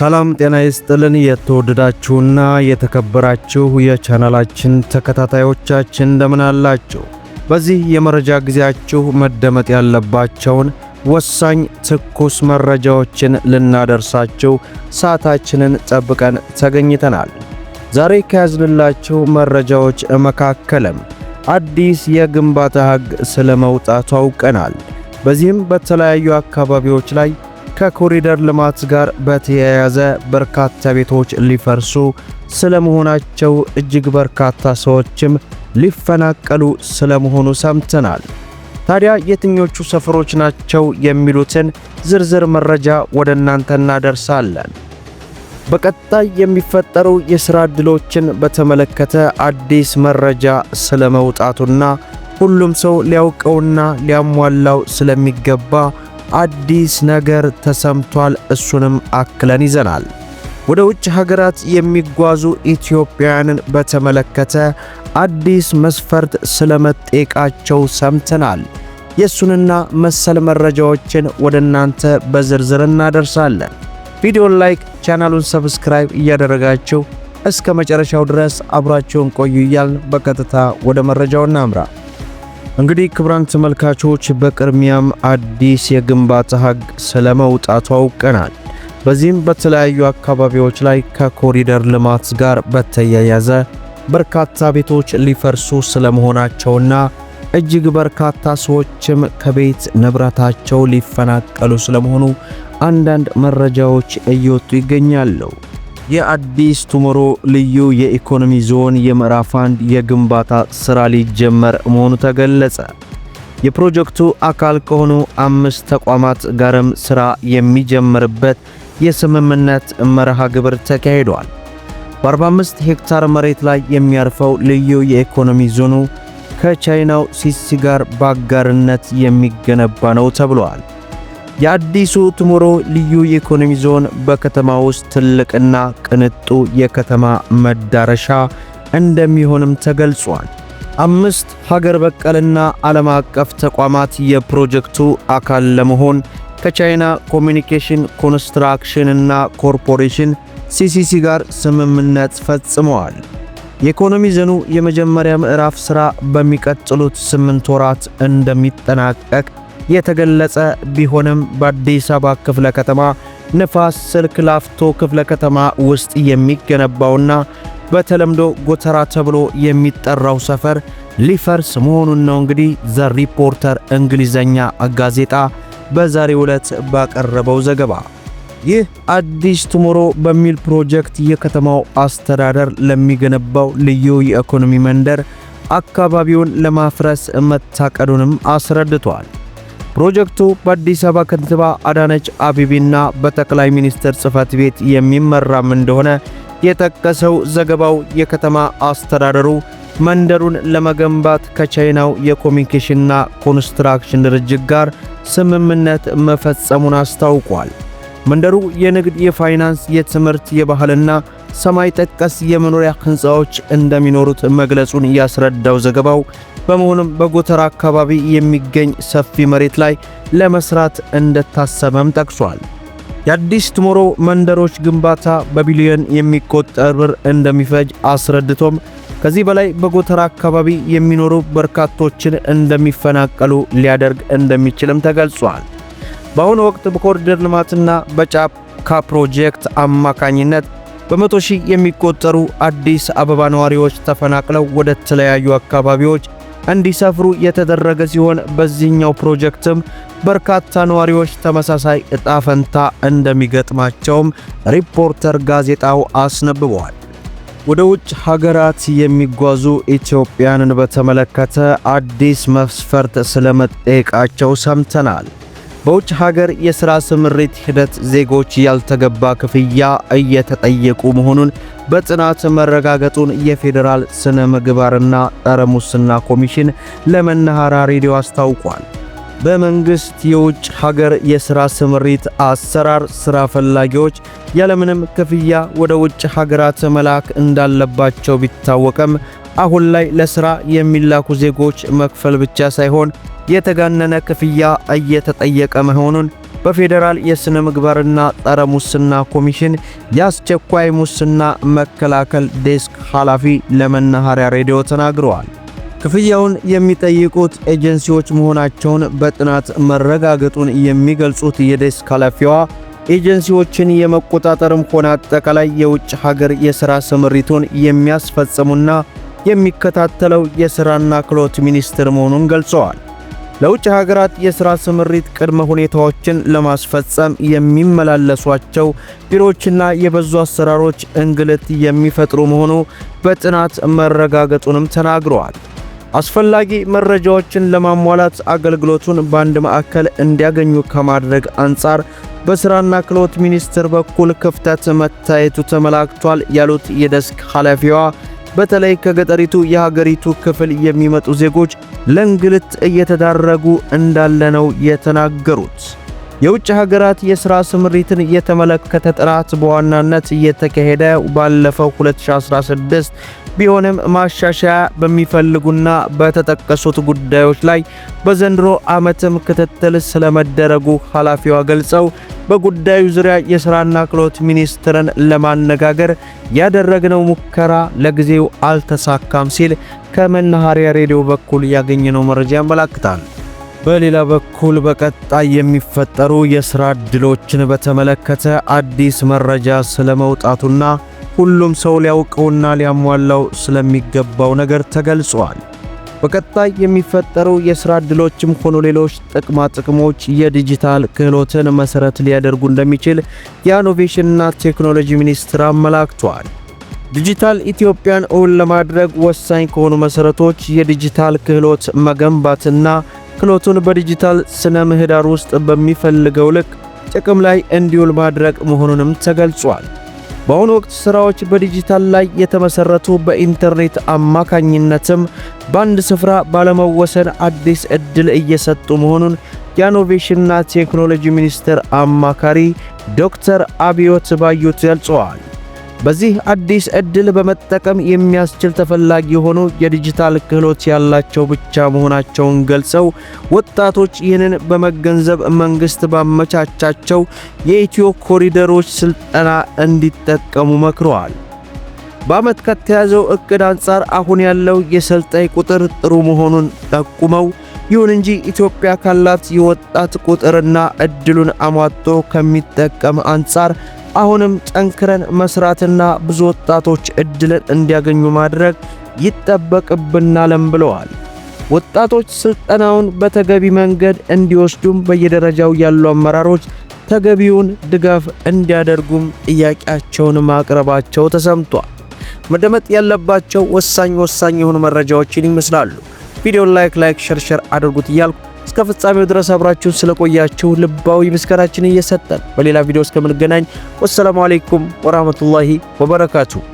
ሰላም ጤና ይስጥልን። የተወደዳችሁና የተከበራችሁ የቻናላችን ተከታታዮቻችን እንደምን አላችሁ? በዚህ የመረጃ ጊዜያችሁ መደመጥ ያለባቸውን ወሳኝ ትኩስ መረጃዎችን ልናደርሳችሁ ሰዓታችንን ጠብቀን ተገኝተናል። ዛሬ ከያዝንላችሁ መረጃዎች መካከልም አዲስ የግንባታ ሕግ ስለ መውጣቱ አውቀናል። በዚህም በተለያዩ አካባቢዎች ላይ ከኮሪደር ልማት ጋር በተያያዘ በርካታ ቤቶች ሊፈርሱ ስለመሆናቸው እጅግ በርካታ ሰዎችም ሊፈናቀሉ ስለመሆኑ ሰምተናል። ታዲያ የትኞቹ ሰፈሮች ናቸው የሚሉትን ዝርዝር መረጃ ወደ እናንተ እናደርሳለን። በቀጣይ የሚፈጠሩ የሥራ ዕድሎችን በተመለከተ አዲስ መረጃ ስለመውጣቱና ሁሉም ሰው ሊያውቀውና ሊያሟላው ስለሚገባ አዲስ ነገር ተሰምቷል። እሱንም አክለን ይዘናል። ወደ ውጭ ሀገራት የሚጓዙ ኢትዮጵያውያንን በተመለከተ አዲስ መስፈርት ስለመጠየቃቸው ሰምተናል። የእሱንና መሰል መረጃዎችን ወደ እናንተ በዝርዝር እናደርሳለን። ቪዲዮን ላይክ፣ ቻናሉን ሰብስክራይብ እያደረጋችሁ እስከ መጨረሻው ድረስ አብራችሁን ቆዩ እያልን በቀጥታ ወደ መረጃው እናምራ። እንግዲህ ክቡራን ተመልካቾች በቅድሚያም አዲስ የግንባታ ሕግ ስለመውጣቱ አውቀናል። በዚህም በተለያዩ አካባቢዎች ላይ ከኮሪደር ልማት ጋር በተያያዘ በርካታ ቤቶች ሊፈርሱ ስለመሆናቸውና እጅግ በርካታ ሰዎችም ከቤት ንብረታቸው ሊፈናቀሉ ስለመሆኑ አንዳንድ መረጃዎች እየወጡ ይገኛሉ። የአዲስ ቱሞሮ ልዩ የኢኮኖሚ ዞን የምዕራፍ አንድ የግንባታ ሥራ ሊጀመር መሆኑ ተገለጸ። የፕሮጀክቱ አካል ከሆኑ አምስት ተቋማት ጋርም ሥራ የሚጀምርበት የስምምነት መርሃ ግብር ተካሂዷል። በ45 ሄክታር መሬት ላይ የሚያርፈው ልዩ የኢኮኖሚ ዞኑ ከቻይናው ሲሲ ጋር በአጋርነት የሚገነባ ነው ተብሏል። የአዲሱ ትሞሮ ልዩ የኢኮኖሚ ዞን በከተማ ውስጥ ትልቅና ቅንጡ የከተማ መዳረሻ እንደሚሆንም ተገልጿል። አምስት ሀገር በቀልና ዓለም አቀፍ ተቋማት የፕሮጀክቱ አካል ለመሆን ከቻይና ኮሚኒኬሽን ኮንስትራክሽን እና ኮርፖሬሽን ሲሲሲ ጋር ስምምነት ፈጽመዋል። የኢኮኖሚ ዞኑ የመጀመሪያ ምዕራፍ ሥራ በሚቀጥሉት ስምንት ወራት እንደሚጠናቀቅ የተገለጸ ቢሆንም በአዲስ አበባ ክፍለ ከተማ ንፋስ ስልክ ላፍቶ ክፍለ ከተማ ውስጥ የሚገነባውና በተለምዶ ጎተራ ተብሎ የሚጠራው ሰፈር ሊፈርስ መሆኑን ነው እንግዲህ ዘ ሪፖርተር እንግሊዘኛ ጋዜጣ በዛሬው ዕለት ባቀረበው ዘገባ። ይህ አዲስ ቱሞሮ በሚል ፕሮጀክት የከተማው አስተዳደር ለሚገነባው ልዩ የኢኮኖሚ መንደር አካባቢውን ለማፍረስ መታቀዱንም አስረድቷል። ፕሮጀክቱ በአዲስ አበባ ከንቲባ አዳነች አቢቢና በጠቅላይ ሚኒስትር ጽህፈት ቤት የሚመራም እንደሆነ የጠቀሰው ዘገባው የከተማ አስተዳደሩ መንደሩን ለመገንባት ከቻይናው የኮሚኒኬሽንና ኮንስትራክሽን ድርጅት ጋር ስምምነት መፈጸሙን አስታውቋል። መንደሩ የንግድ፣ የፋይናንስ፣ የትምህርት፣ የባህልና ሰማይ ጠቀስ የመኖሪያ ሕንፃዎች እንደሚኖሩት መግለጹን ያስረዳው ዘገባው በመሆኑም በጎተራ አካባቢ የሚገኝ ሰፊ መሬት ላይ ለመስራት እንደታሰበም ጠቅሷል። የአዲስ ትሞሮ መንደሮች ግንባታ በቢሊዮን የሚቆጠር ብር እንደሚፈጅ አስረድቶም ከዚህ በላይ በጎተራ አካባቢ የሚኖሩ በርካቶችን እንደሚፈናቀሉ ሊያደርግ እንደሚችልም ተገልጿል። በአሁኑ ወቅት በኮሪደር ልማትና በጫካ ፕሮጀክት አማካኝነት በመቶ ሺህ የሚቆጠሩ አዲስ አበባ ነዋሪዎች ተፈናቅለው ወደ ተለያዩ አካባቢዎች እንዲሰፍሩ የተደረገ ሲሆን በዚህኛው ፕሮጀክትም በርካታ ነዋሪዎች ተመሳሳይ እጣፈንታ እንደሚገጥማቸውም ሪፖርተር ጋዜጣው አስነብበዋል። ወደ ውጭ ሀገራት የሚጓዙ ኢትዮጵያንን በተመለከተ አዲስ መስፈርት ስለመጠየቃቸው ሰምተናል። በውጭ ሀገር የሥራ ስምሪት ሂደት ዜጎች ያልተገባ ክፍያ እየተጠየቁ መሆኑን በጥናት መረጋገጡን የፌዴራል ስነ ምግባርና ጸረ ሙስና ኮሚሽን ለመናሃራ ሬዲዮ አስታውቋል። በመንግስት የውጭ ሀገር የሥራ ስምሪት አሰራር ሥራ ፈላጊዎች ያለምንም ክፍያ ወደ ውጭ ሀገራት መላክ እንዳለባቸው ቢታወቅም አሁን ላይ ለስራ የሚላኩ ዜጎች መክፈል ብቻ ሳይሆን የተጋነነ ክፍያ እየተጠየቀ መሆኑን በፌዴራል የሥነ ምግባርና ጸረ ሙስና ኮሚሽን የአስቸኳይ ሙስና መከላከል ዴስክ ኃላፊ ለመናኸሪያ ሬዲዮ ተናግረዋል። ክፍያውን የሚጠይቁት ኤጀንሲዎች መሆናቸውን በጥናት መረጋገጡን የሚገልጹት የዴስክ ኃላፊዋ ኤጀንሲዎችን የመቆጣጠርም ሆነ አጠቃላይ የውጭ ሀገር የሥራ ስምሪቱን የሚያስፈጽሙና የሚከታተለው የሥራና ክህሎት ሚኒስቴር መሆኑን ገልጸዋል። ለውጭ ሀገራት የሥራ ስምሪት ቅድመ ሁኔታዎችን ለማስፈጸም የሚመላለሷቸው ቢሮዎችና የበዙ አሰራሮች እንግልት የሚፈጥሩ መሆኑ በጥናት መረጋገጡንም ተናግረዋል። አስፈላጊ መረጃዎችን ለማሟላት አገልግሎቱን በአንድ ማዕከል እንዲያገኙ ከማድረግ አንጻር በሥራና ክህሎት ሚኒስቴር በኩል ክፍተት መታየቱ ተመላክቷል ያሉት የደስክ ኃላፊዋ በተለይ ከገጠሪቱ የሀገሪቱ ክፍል የሚመጡ ዜጎች ለእንግልት እየተዳረጉ እንዳለ ነው የተናገሩት። የውጭ ሀገራት የሥራ ስምሪትን እየተመለከተ ጥናት በዋናነት እየተካሄደ ባለፈው 2016 ቢሆንም ማሻሻያ በሚፈልጉና በተጠቀሱት ጉዳዮች ላይ በዘንድሮ ዓመትም ክትትል ስለመደረጉ ኃላፊዋ ገልጸው በጉዳዩ ዙሪያ የሥራና ክህሎት ሚኒስትርን ለማነጋገር ያደረግነው ሙከራ ለጊዜው አልተሳካም ሲል ከመናኸሪያ ሬዲዮ በኩል ያገኘነው መረጃ ያመላክታል። በሌላ በኩል በቀጣይ የሚፈጠሩ የሥራ ዕድሎችን በተመለከተ አዲስ መረጃ ስለመውጣቱና ሁሉም ሰው ሊያውቀውና ሊያሟላው ስለሚገባው ነገር ተገልጿል። በቀጣይ የሚፈጠሩ የሥራ ዕድሎችም ሆኑ ሌሎች ጥቅማ ጥቅሞች የዲጂታል ክህሎትን መሠረት ሊያደርጉ እንደሚችል የኢኖቬሽንና ቴክኖሎጂ ሚኒስቴር አመላክቷል። ዲጂታል ኢትዮጵያን እውን ለማድረግ ወሳኝ ከሆኑ መሠረቶች የዲጂታል ክህሎት መገንባትና ክህሎቱን በዲጂታል ስነ ምህዳር ውስጥ በሚፈልገው ልክ ጥቅም ላይ እንዲውል ማድረግ መሆኑንም ተገልጿል። በአሁኑ ወቅት ሥራዎች በዲጂታል ላይ የተመሠረቱ በኢንተርኔት አማካኝነትም በአንድ ስፍራ ባለመወሰን አዲስ ዕድል እየሰጡ መሆኑን የኢኖቬሽንና ቴክኖሎጂ ሚኒስቴር አማካሪ ዶክተር አብዮት ባዩት ገልጸዋል። በዚህ አዲስ ዕድል በመጠቀም የሚያስችል ተፈላጊ የሆኑ የዲጂታል ክህሎት ያላቸው ብቻ መሆናቸውን ገልጸው ወጣቶች ይህንን በመገንዘብ መንግሥት ባመቻቻቸው የኢትዮ ኮሪደሮች ሥልጠና እንዲጠቀሙ መክረዋል። በዓመት ከተያዘው እቅድ አንጻር አሁን ያለው የሰልጣኝ ቁጥር ጥሩ መሆኑን ጠቁመው ይሁን እንጂ ኢትዮጵያ ካላት የወጣት ቁጥርና እድሉን አሟጦ ከሚጠቀም አንጻር አሁንም ጠንክረን መስራትና ብዙ ወጣቶች እድልን እንዲያገኙ ማድረግ ይጠበቅብናልም ብለዋል። ወጣቶች ስልጠናውን በተገቢ መንገድ እንዲወስዱም በየደረጃው ያሉ አመራሮች ተገቢውን ድጋፍ እንዲያደርጉም ጥያቄያቸውን ማቅረባቸው ተሰምቷል። መደመጥ ያለባቸው ወሳኝ ወሳኝ የሆኑ መረጃዎችን ይመስላሉ። ቪዲዮን ላይክ ላይክ ሸርሸር አድርጉት እያልኩ እስከ ፍጻሜው ድረስ አብራችሁን ስለቆያችሁ ልባዊ ምስጋናችን እየሰጠን በሌላ ቪዲዮ እስከምንገናኝ ወሰላሙ አሌይኩም ወራህመቱላሂ ወበረካቱ።